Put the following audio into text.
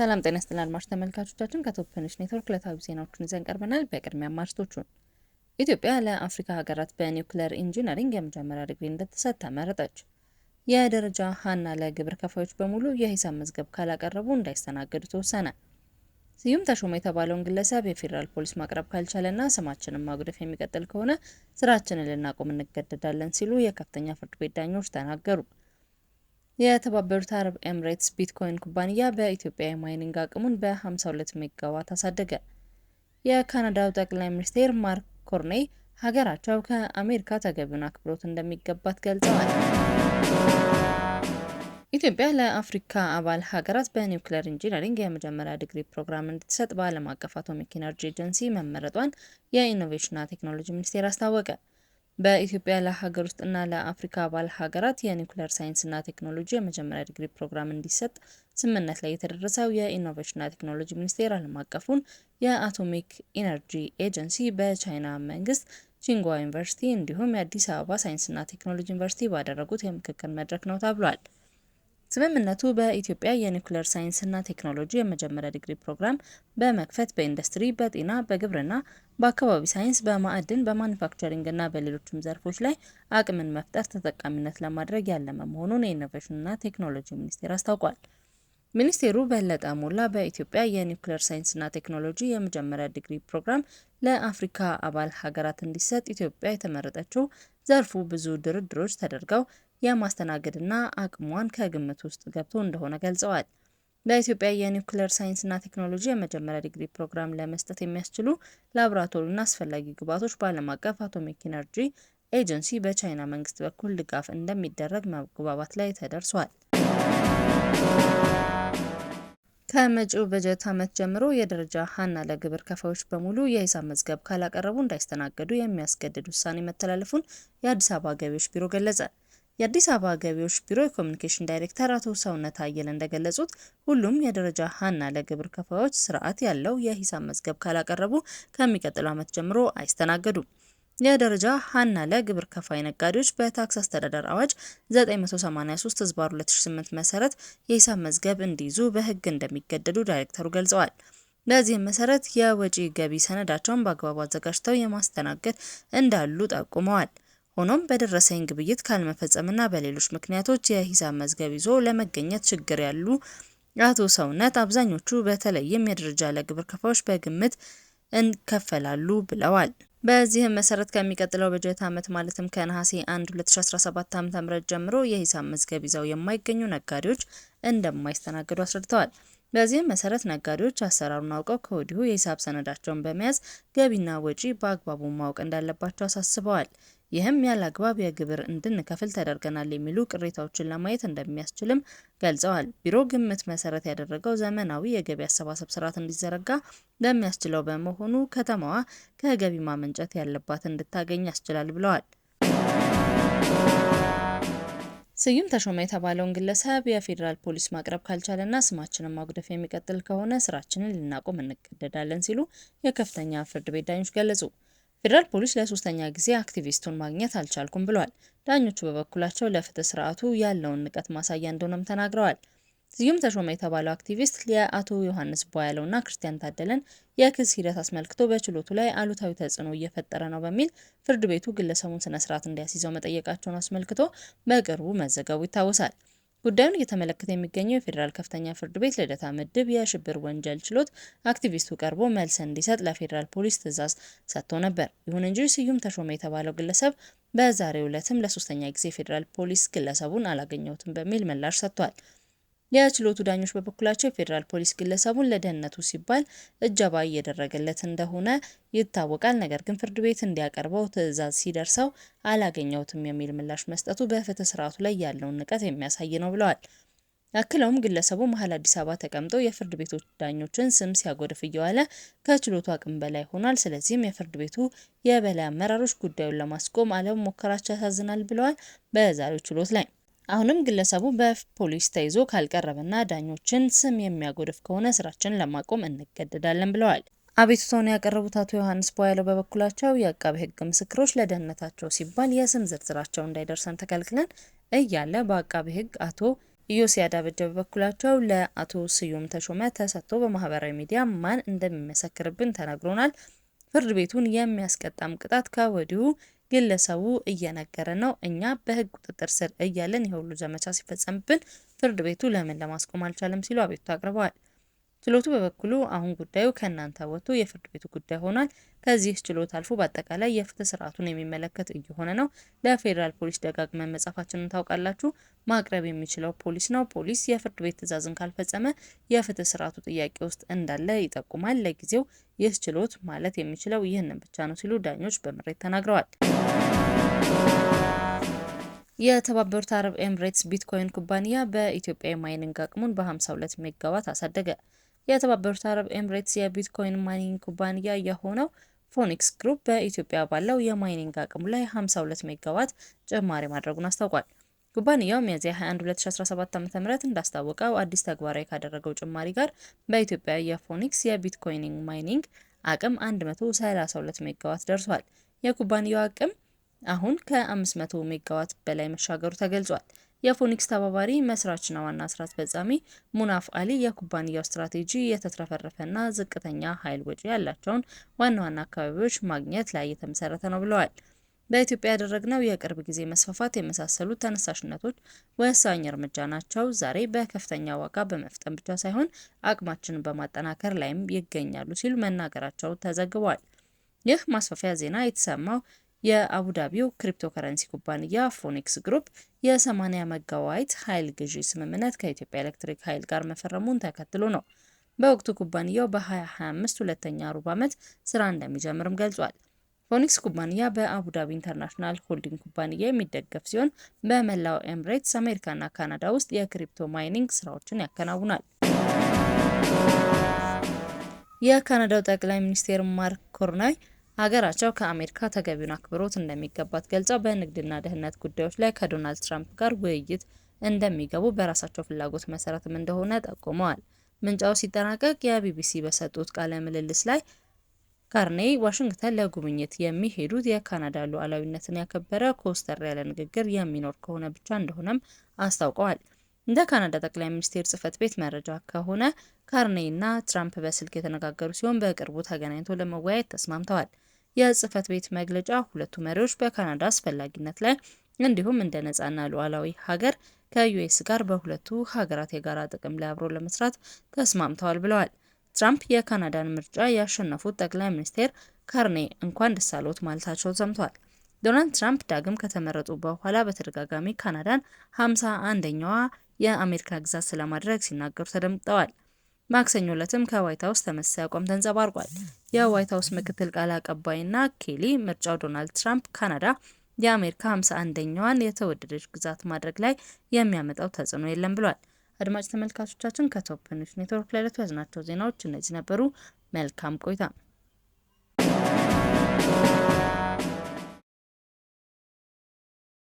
ሰላም ጤና ይስጥልን አድማጭ ተመልካቾቻችን፣ ከቶፕንሽ ኔትወርክ ዕለታዊ ዜናዎችን ይዘን ቀርበናል። በቅድሚያ ማርቶቹን ኢትዮጵያ ለአፍሪካ ሀገራት በኒውክሌር ኢንጂነሪንግ የመጀመሪያ ዲግሪ እንድትሰጥ ተመረጠች። የደረጃ ሀና ለግብር ከፋዮች በሙሉ የሂሳብ መዝገብ ካላቀረቡ እንዳይስተናገዱ ተወሰነ። ስዩም ተሾመ የተባለውን ግለሰብ የፌዴራል ፖሊስ ማቅረብ ካልቻለና ስማችንን ማጉደፍ የሚቀጥል ከሆነ ስራችንን ልናቆም እንገደዳለን ሲሉ የከፍተኛ ፍርድ ቤት ዳኞች ተናገሩ። የተባበሩት አረብ ኤምሬትስ ቢትኮይን ኩባንያ በኢትዮጵያ የማይኒንግ አቅሙን በ52 ሜጋዋት አሳደገ። የካናዳው ጠቅላይ ሚኒስትር ማርክ ኮርኔይ ሀገራቸው ከአሜሪካ ተገቢውን አክብሮት እንደሚገባት ገልጸዋል። ኢትዮጵያ ለአፍሪካ አባል ሀገራት በኒውክሌር ኢንጂነሪንግ የመጀመሪያ ዲግሪ ፕሮግራም እንድትሰጥ በዓለም አቀፍ አቶሚክ ኤነርጂ ኤጀንሲ መመረጧን የኢኖቬሽንና ቴክኖሎጂ ሚኒስቴር አስታወቀ። በኢትዮጵያ ለሀገር ውስጥና ለአፍሪካ አባል ሀገራት የኒውክሌር ሳይንስና ቴክኖሎጂ የመጀመሪያ ዲግሪ ፕሮግራም እንዲሰጥ ስምምነት ላይ የተደረሰው የኢኖቬሽንና ቴክኖሎጂ ሚኒስቴር ዓለም አቀፉን የአቶሚክ ኢነርጂ ኤጀንሲ በቻይና መንግስት ቺንጓ ዩኒቨርሲቲ እንዲሁም የአዲስ አበባ ሳይንስና ቴክኖሎጂ ዩኒቨርሲቲ ባደረጉት የምክክር መድረክ ነው ተብሏል። ስምምነቱ በኢትዮጵያ የኒውክሌር ሳይንስና ቴክኖሎጂ የመጀመሪያ ዲግሪ ፕሮግራም በመክፈት በኢንዱስትሪ፣ በጤና፣ በግብርና፣ በአካባቢ ሳይንስ፣ በማዕድን፣ በማኒፋክቸሪንግ እና በሌሎችም ዘርፎች ላይ አቅምን መፍጠር ተጠቃሚነት ለማድረግ ያለመ መሆኑን የኢኖቬሽንና ቴክኖሎጂ ሚኒስቴር አስታውቋል። ሚኒስቴሩ በለጠ ሞላ በኢትዮጵያ የኒውክሌር ሳይንስና ቴክኖሎጂ የመጀመሪያ ዲግሪ ፕሮግራም ለአፍሪካ አባል ሀገራት እንዲሰጥ ኢትዮጵያ የተመረጠችው ዘርፉ ብዙ ድርድሮች ተደርገው የማስተናገድና አቅሟን ከግምት ውስጥ ገብቶ እንደሆነ ገልጸዋል። በኢትዮጵያ የኒውክሌር ሳይንስና ቴክኖሎጂ የመጀመሪያ ዲግሪ ፕሮግራም ለመስጠት የሚያስችሉ ላቦራቶሪና አስፈላጊ ግብዓቶች በዓለም አቀፍ አቶሚክ ኢነርጂ ኤጀንሲ በቻይና መንግስት በኩል ድጋፍ እንደሚደረግ መግባባት ላይ ተደርሷል። ከመጪው በጀት ዓመት ጀምሮ የደረጃ ሀና ለግብር ከፋዮች በሙሉ የሂሳብ መዝገብ ካላቀረቡ እንዳይስተናገዱ የሚያስገድድ ውሳኔ መተላለፉን የአዲስ አበባ ገቢዎች ቢሮ ገለጸ። የአዲስ አበባ ገቢዎች ቢሮ የኮሚኒኬሽን ዳይሬክተር አቶ ሰውነት አየለ እንደገለጹት ሁሉም የደረጃ ሀና ለግብር ከፋዮች ስርዓት ያለው የሂሳብ መዝገብ ካላቀረቡ ከሚቀጥለው ዓመት ጀምሮ አይስተናገዱም። የደረጃ ሀና ለግብር ከፋይ ነጋዴዎች በታክስ አስተዳደር አዋጅ 983 ህዝባ 2008 መሰረት የሂሳብ መዝገብ እንዲይዙ በህግ እንደሚገደዱ ዳይሬክተሩ ገልጸዋል። በዚህም መሰረት የወጪ ገቢ ሰነዳቸውን በአግባቡ አዘጋጅተው የማስተናገድ እንዳሉ ጠቁመዋል። ሆኖም በደረሰኝ ግብይት ካልመፈጸምና በሌሎች ምክንያቶች የሂሳብ መዝገብ ይዞ ለመገኘት ችግር ያሉ አቶ ሰውነት አብዛኞቹ በተለይም የደረጃ ለግብር ግብር ከፋዮች በግምት እንከፈላሉ ብለዋል። በዚህም መሰረት ከሚቀጥለው በጀት ዓመት ማለትም ከነሐሴ 1 2017 ዓ.ም ጀምሮ የሂሳብ መዝገብ ይዘው የማይገኙ ነጋዴዎች እንደማይስተናገዱ አስረድተዋል። በዚህም መሰረት ነጋዴዎች አሰራሩን አውቀው ከወዲሁ የሂሳብ ሰነዳቸውን በመያዝ ገቢና ወጪ በአግባቡ ማወቅ እንዳለባቸው አሳስበዋል። ይህም ያለ አግባብ የግብር እንድንከፍል ተደርገናል የሚሉ ቅሬታዎችን ለማየት እንደሚያስችልም ገልጸዋል። ቢሮ ግምት መሰረት ያደረገው ዘመናዊ የገቢ አሰባሰብ ስርዓት እንዲዘረጋ ለሚያስችለው በመሆኑ ከተማዋ ከገቢ ማመንጨት ያለባት እንድታገኝ ያስችላል ብለዋል። ስዩም ተሾመ የተባለውን ግለሰብ የፌዴራል ፖሊስ ማቅረብ ካልቻለና ስማችንን ማጉደፍ የሚቀጥል ከሆነ ስራችንን ልናቆም እንገደዳለን ሲሉ የከፍተኛ ፍርድ ቤት ዳኞች ገለጹ። ፌዴራል ፖሊስ ለሶስተኛ ጊዜ አክቲቪስቱን ማግኘት አልቻልኩም ብሏል። ዳኞቹ በበኩላቸው ለፍትህ ስርዓቱ ያለውን ንቀት ማሳያ እንደሆነም ተናግረዋል። ስዩም ተሾመ የተባለው አክቲቪስት የአቶ ዮሐንስ ቧያለውና ክርስቲያን ታደለን የክስ ሂደት አስመልክቶ በችሎቱ ላይ አሉታዊ ተጽዕኖ እየፈጠረ ነው በሚል ፍርድ ቤቱ ግለሰቡን ስነስርዓት እንዲያስይዘው መጠየቃቸውን አስመልክቶ በቅርቡ መዘገቡ ይታወሳል። ጉዳዩን እየተመለከተ የሚገኘው የፌዴራል ከፍተኛ ፍርድ ቤት ልደታ ምድብ የሽብር ወንጀል ችሎት አክቲቪስቱ ቀርቦ መልስ እንዲሰጥ ለፌዴራል ፖሊስ ትዕዛዝ ሰጥቶ ነበር። ይሁን እንጂ ስዩም ተሾመ የተባለው ግለሰብ በዛሬው ዕለትም ለሶስተኛ ጊዜ ፌዴራል ፖሊስ ግለሰቡን አላገኘሁትም በሚል ምላሽ ሰጥቷል። የችሎቱ ዳኞች በበኩላቸው የፌዴራል ፖሊስ ግለሰቡን ለደህንነቱ ሲባል እጀባ እየደረገለት እንደሆነ ይታወቃል። ነገር ግን ፍርድ ቤት እንዲያቀርበው ትዕዛዝ ሲደርሰው አላገኘሁትም የሚል ምላሽ መስጠቱ በፍትህ ስርዓቱ ላይ ያለውን ንቀት የሚያሳይ ነው ብለዋል። አክለውም ግለሰቡ መሀል አዲስ አበባ ተቀምጦ የፍርድ ቤቶች ዳኞችን ስም ሲያጎድፍ እየዋለ ከችሎቱ አቅም በላይ ሆኗል። ስለዚህም የፍርድ ቤቱ የበላይ አመራሮች ጉዳዩን ለማስቆም አለመሞከራቸው ያሳዝናል ብለዋል። በዛሬው ችሎት ላይ አሁንም ግለሰቡ በፖሊስ ተይዞ ካልቀረበና ዳኞችን ስም የሚያጎድፍ ከሆነ ስራችን ለማቆም እንገደዳለን ብለዋል። አቤቱታውን ያቀረቡት አቶ ዮሐንስ ቧያለው በበኩላቸው የአቃቤ ሕግ ምስክሮች ለደህንነታቸው ሲባል የስም ዝርዝራቸው እንዳይደርሰን ተከልክለን እያለ በአቃቤ ሕግ አቶ ኢዮስ ያዳበጀ በበኩላቸው ለአቶ ስዩም ተሾመ ተሰጥቶ በማህበራዊ ሚዲያ ማን እንደሚመሰክርብን ተነግሮናል። ፍርድ ቤቱን የሚያስቀጣም ቅጣት ከወዲሁ ግለሰቡ እየነገረ ነው፣ እኛ በህግ ቁጥጥር ስር እያለን የሁሉ ዘመቻ ሲፈጸምብን ፍርድ ቤቱ ለምን ለማስቆም አልቻለም ሲሉ አቤቱታ አቅርበዋል። ችሎቱ በበኩሉ አሁን ጉዳዩ ከእናንተ ወጥቶ የፍርድ ቤቱ ጉዳይ ሆኗል። ከዚህ ችሎት አልፎ በአጠቃላይ የፍትህ ስርዓቱን የሚመለከት እየሆነ ነው። ለፌዴራል ፖሊስ ደጋግመን መጻፋችንን ታውቃላችሁ። ማቅረብ የሚችለው ፖሊስ ነው። ፖሊስ የፍርድ ቤት ትዕዛዝን ካልፈጸመ የፍትህ ስርዓቱ ጥያቄ ውስጥ እንዳለ ይጠቁማል። ለጊዜው ይህ ችሎት ማለት የሚችለው ይህንን ብቻ ነው ሲሉ ዳኞች በምሬት ተናግረዋል። የተባበሩት አረብ ኤምሬትስ ቢትኮይን ኩባንያ በኢትዮጵያ የማይኒንግ አቅሙን በ52 ሜጋዋት አሳደገ። የተባበሩት አረብ ኤምሬትስ የቢትኮይን ማይኒንግ ኩባንያ የሆነው ፎኒክስ ግሩፕ በኢትዮጵያ ባለው የማይኒንግ አቅሙ ላይ 52 ሜጋዋት ጭማሪ ማድረጉን አስታውቋል። ኩባንያው ሚያዝያ 21 2017 ዓ ም እንዳስታወቀው አዲስ ተግባራዊ ካደረገው ጭማሪ ጋር በኢትዮጵያ የፎኒክስ የቢትኮይን ማይኒንግ አቅም 132 ሜጋዋት ደርሷል። የኩባንያው አቅም አሁን ከ500 ሜጋዋት በላይ መሻገሩ ተገልጿል። የፎኒክስ ተባባሪ መስራችና ዋና ስራ አስፈጻሚ ሙናፍ አሊ የኩባንያው ስትራቴጂ የተትረፈረፈና ዝቅተኛ ኃይል ወጪ ያላቸውን ዋና ዋና አካባቢዎች ማግኘት ላይ የተመሰረተ ነው ብለዋል። በኢትዮጵያ ያደረግነው የቅርብ ጊዜ መስፋፋት የመሳሰሉ ተነሳሽነቶች ወሳኝ እርምጃ ናቸው። ዛሬ በከፍተኛ ዋጋ በመፍጠን ብቻ ሳይሆን አቅማችንን በማጠናከር ላይም ይገኛሉ ሲሉ መናገራቸው ተዘግቧል። ይህ ማስፋፊያ ዜና የተሰማው የአቡዳቢው ክሪፕቶከረንሲ ኩባንያ ፎኒክስ ግሩፕ የ80 መጋዋይት ኃይል ግዢ ስምምነት ከኢትዮጵያ ኤሌክትሪክ ኃይል ጋር መፈረሙን ተከትሎ ነው። በወቅቱ ኩባንያው በ2025 ሁለተኛ ሩብ ዓመት ስራ እንደሚጀምርም ገልጿል። ፎኒክስ ኩባንያ በአቡዳቢ ኢንተርናሽናል ሆልዲንግ ኩባንያ የሚደገፍ ሲሆን በመላው ኤምሬትስ፣ አሜሪካና ካናዳ ውስጥ የክሪፕቶ ማይኒንግ ስራዎችን ያከናውናል። የካናዳው ጠቅላይ ሚኒስትር ማርክ ኮርናይ ሀገራቸው ከአሜሪካ ተገቢውን አክብሮት እንደሚገባት ገልጸው በንግድና ደህንነት ጉዳዮች ላይ ከዶናልድ ትራምፕ ጋር ውይይት እንደሚገቡ በራሳቸው ፍላጎት መሰረትም እንደሆነ ጠቁመዋል። ምንጫው ሲጠናቀቅ የቢቢሲ በሰጡት ቃለ ምልልስ ላይ ካርኔ ዋሽንግተን ለጉብኝት የሚሄዱት የካናዳ ሉዓላዊነትን ያከበረ ኮስተር ያለ ንግግር የሚኖር ከሆነ ብቻ እንደሆነም አስታውቀዋል። እንደ ካናዳ ጠቅላይ ሚኒስቴር ጽህፈት ቤት መረጃ ከሆነ ካርኔና ትራምፕ በስልክ የተነጋገሩ ሲሆን በቅርቡ ተገናኝቶ ለመወያየት ተስማምተዋል። የጽህፈት ቤት መግለጫ ሁለቱ መሪዎች በካናዳ አስፈላጊነት ላይ እንዲሁም እንደ ነፃና ሉዓላዊ ሀገር ከዩኤስ ጋር በሁለቱ ሀገራት የጋራ ጥቅም ላይ አብሮ ለመስራት ተስማምተዋል ብለዋል። ትራምፕ የካናዳን ምርጫ ያሸነፉት ጠቅላይ ሚኒስትር ካርኔ እንኳን ደስ ማለታቸው ሰምቷል። ዶናልድ ትራምፕ ዳግም ከተመረጡ በኋላ በተደጋጋሚ ካናዳን 5ሳ አንደኛዋ የአሜሪካ ግዛት ስለማድረግ ሲናገሩ ተደምጠዋል። ማክሰኞ ዕለትም ከዋይት ሀውስ ተመሳሳይ አቋም ተንጸባርቋል። የዋይት ሀውስ ምክትል ቃል አቀባይና ኬሊ ምርጫው ዶናልድ ትራምፕ ካናዳ የአሜሪካ 51 አንደኛዋን የተወደደች ግዛት ማድረግ ላይ የሚያመጣው ተጽዕኖ የለም ብሏል። አድማጭ ተመልካቾቻችን ከቶፕ ኒውስ ኔትወርክ ለዕለቱ ያዝናቸው ዜናዎች እነዚህ ነበሩ። መልካም ቆይታ